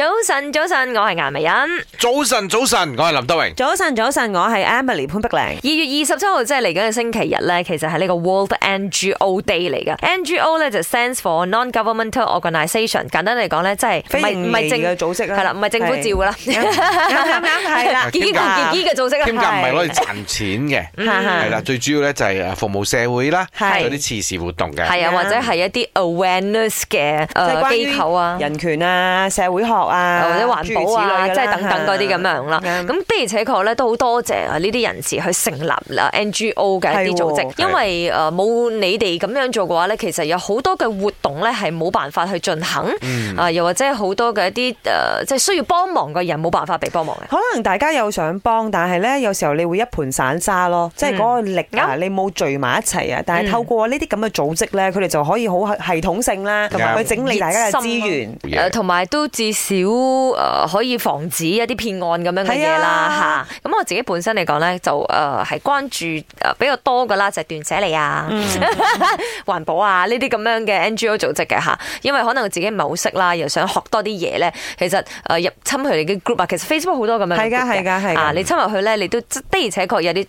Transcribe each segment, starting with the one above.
早晨，早晨，我係顏美欣。早晨，早晨，我係林德榮。早晨，早晨，我係 Emily 潘碧玲。二月二十七號即係嚟緊嘅星期日咧，其實係呢個 World NGO Day 嚟嘅。NGO 咧就 stands for non-governmental organization，簡單嚟講咧即係非唔係、啊啊、政府嘅組織啦，係啦，唔係政府照嘅啦，啱唔啱？係、嗯、啦，民間嘅組織。民間唔係攞嚟賺錢嘅，係、嗯、啦，最主要咧就係服務社會啦，係有啲慈善活動嘅，係啊，或者係一啲 awareness 嘅誒機構啊，人權啊，社會學。啊，或者環保啊，即係等等嗰啲咁樣啦。咁的而且、嗯、確咧，都好多謝啊呢啲人士去成立啦 NGO 嘅一啲組織，因為誒冇你哋咁樣做嘅話咧，其實有好多嘅活動咧係冇辦法去進行，啊、嗯、又或者好多嘅一啲誒即係需要幫忙嘅人冇辦法被幫忙嘅。可能大家有想幫，但係咧有時候你會一盤散沙咯，即係嗰個力啊、嗯，你冇聚埋一齊啊。但係透過呢啲咁嘅組織咧，佢、嗯、哋就可以好系統性啦，同、嗯、埋去整理大家嘅資源，同埋、啊 yeah. 都至少。少、呃、可以防止一啲騙案咁樣嘅嘢啦嚇，咁、啊啊、我自己本身嚟講咧就誒係、呃、關注誒比較多噶啦，就係、斷捨離啊、嗯、 環保啊呢啲咁樣嘅 NGO 組織嘅嚇、啊，因為可能我自己唔係好識啦，又想學多啲嘢咧，其實誒、呃、入侵佢哋嘅 group 啊，其實 Facebook 好多咁樣係㗎係㗎係啊，你侵入去咧，你都的而且確有啲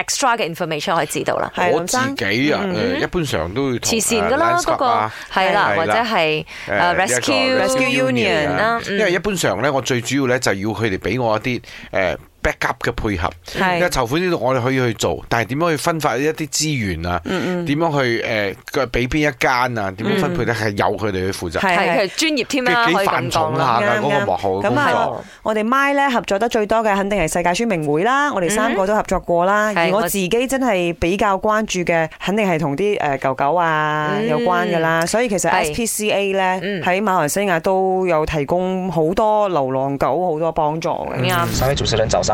extra 嘅 information 可以知道啦。我自己啊、嗯呃，一般上都會慈善㗎啦，嗰、啊那個係啦、那個，或者係誒、uh, uh, rescue rescue union 啦、uh,。因為一般上咧，我最主要咧就要佢哋俾我一啲誒。呃 backup 嘅配合，而家籌款呢度我哋可以去做，但係點樣去分發一啲資源啊？點、嗯、樣去誒俾邊一間啊？點樣分配咧、啊？係、嗯、由佢哋去負責。係佢哋專業添啦，可以咁講啦。啱唔啱？咁啊，那個、的那我哋 m 咧合作得最多嘅，肯定係世界宣明會啦。我哋三個都合作過啦。而我自己真係比較關注嘅，肯定係同啲誒狗狗啊有關㗎啦、嗯。所以其實 SPCA 咧喺馬來西亞都有提供好多流浪狗好多幫助㗎。啱。